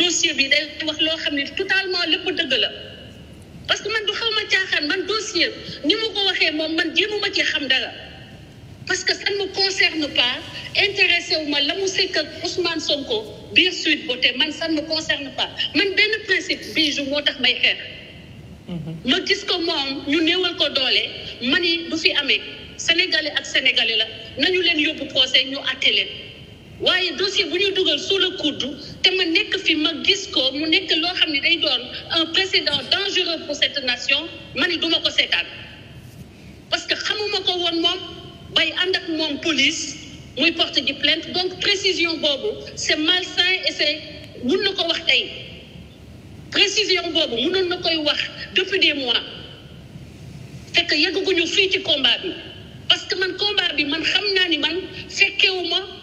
dossier bi day wax loo xam ne totalement lépp dëgg la parce que man du xaw ma caaxaan man dossier ni mu ko waxee moom man jéemuma ci xam dara parce que ça ne me concerne pas intéressé wu ma la mu sekk ak Ousmane Sonko biir suite Beauté man ça ne me concerne pas man benn principe bii ju moo tax may xeex. Mhm. ma gis ko moom ñu néewal ko doole man mani du fi amee sénégalais ak sénégalais la nañu leen yóbbu procès ñu àtte leen waaye dossier bu ñu dugal sous le coude te ma nekk fi ma gis ko mu nekk loo xam ne day doon un précédent dangereux pour cette nation ma ne du ma ko seetaan parce que xamuma ko woon moom bay ànd ak moom police muy porte ji plainte donc précision boobu c'est malsain et c'est mun na ko wax tey précision boobu mënoon na koy wax depuis des mois fekk yegguñu fii ci combat bi parce que man combat bi man xam naa ni man fekkewuma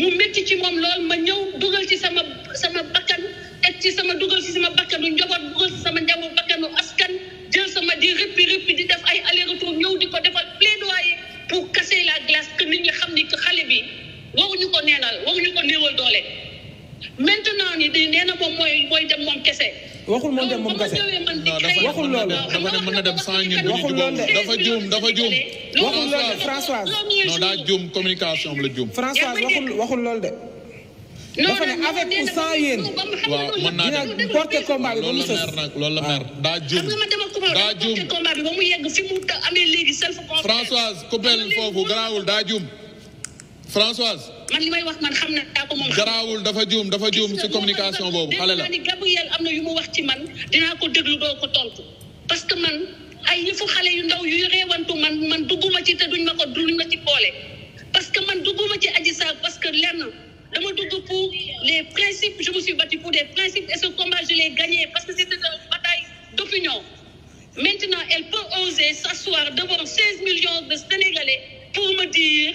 mu métti ci moom lool ma ñëw dugal ci sama sama bakkan teg ci sama dugal ci sama bakkanu njaboot dugal ci sama njaboot bakkanu askan jël sama di rëppi rëppi di def ay aller ñëw di ko defal plaidoyer pour casser la glace que nit ñi xam ni que xale bi waruñu ko neenal waruñu ko néewal doole maintenant ni di nee ko mooy mooy dem moom kese waxul moom dem moom kese waxul loolu dafa ne mën na dem sans ñun waxul loolu de dafa juum dafa juum waxul loolu de Françoise daa juum communication am la juum Françoise waxul waxul loolu de dafa ne avec ou sans yéen waaw mën naa dina combat bi ba mu sës loolu la mer daa juum daa juum Françoise coupel foofu daa juum Françoise. man li wax man xam naa ko moom. dafa juum dafa juum ci communication bobu xale la. Gabriel am na yu mu wax ci man dinaa ko déglu doo ko parce que man ay yëfu xale yu ndaw yu reewantu man man duguma ci te duñ mako duñ ma ci polé parce que man duguma ci Adji Sarr parce que lenn dama dugg pour les principes je me suis battu pour des principes et ce combat je l'ai gagné parce que c'était une bataille d'opinion. maintenant elle peut oser s'asseoir devant 16 millions de Sénégalais pour me dire.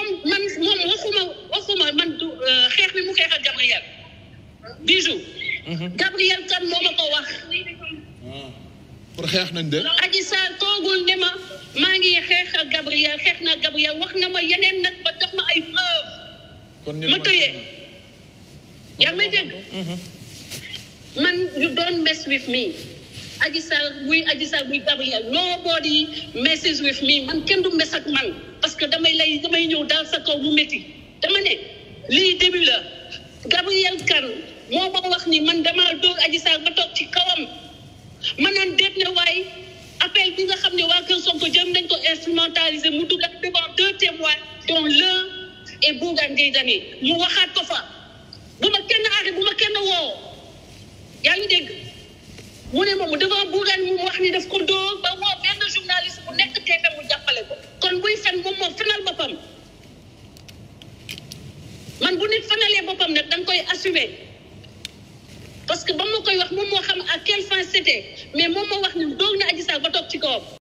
man du euh, xeex bi mu xeexal Gabriel bijou mhm. Gabriel kan moo ma ko wax. Ah. pour xeex nañ de. ma maa ngi xeex Gabriel xeex na Gabriel wax na ma yeneen nag ba jox ma ay preuve. kon ma tëyee. yaa may dégg. Mhm. man you don't mess with me. Adji buy Adji buy Gabriel nobody messes with me man kenn du mess ak man parce que damay lay damay ñëw daal sa kaw mu métti dama ne. lii début la gabriel kan moo ma wax ni man dama doog aji sa ma toog ci kawam manan déet ne waay appel bi nga xam ne waa kër sonko jëm nañ ko instrumentalisé mu dugg ak devant deux témoins dont l' un et bougan ngay dani mu waxaat ko fa bu ma kenn arrêt bu kenn woo yaa ngi dégg mu ne moom devant bougan mu wax ni daf ko doog ba man bu nit fanalee bopam nak dang koy assumer parce que ba ma koy wax moom mo xam à quelle fin c'était mais moom moo wax ni doog na Adji ba tok ci ko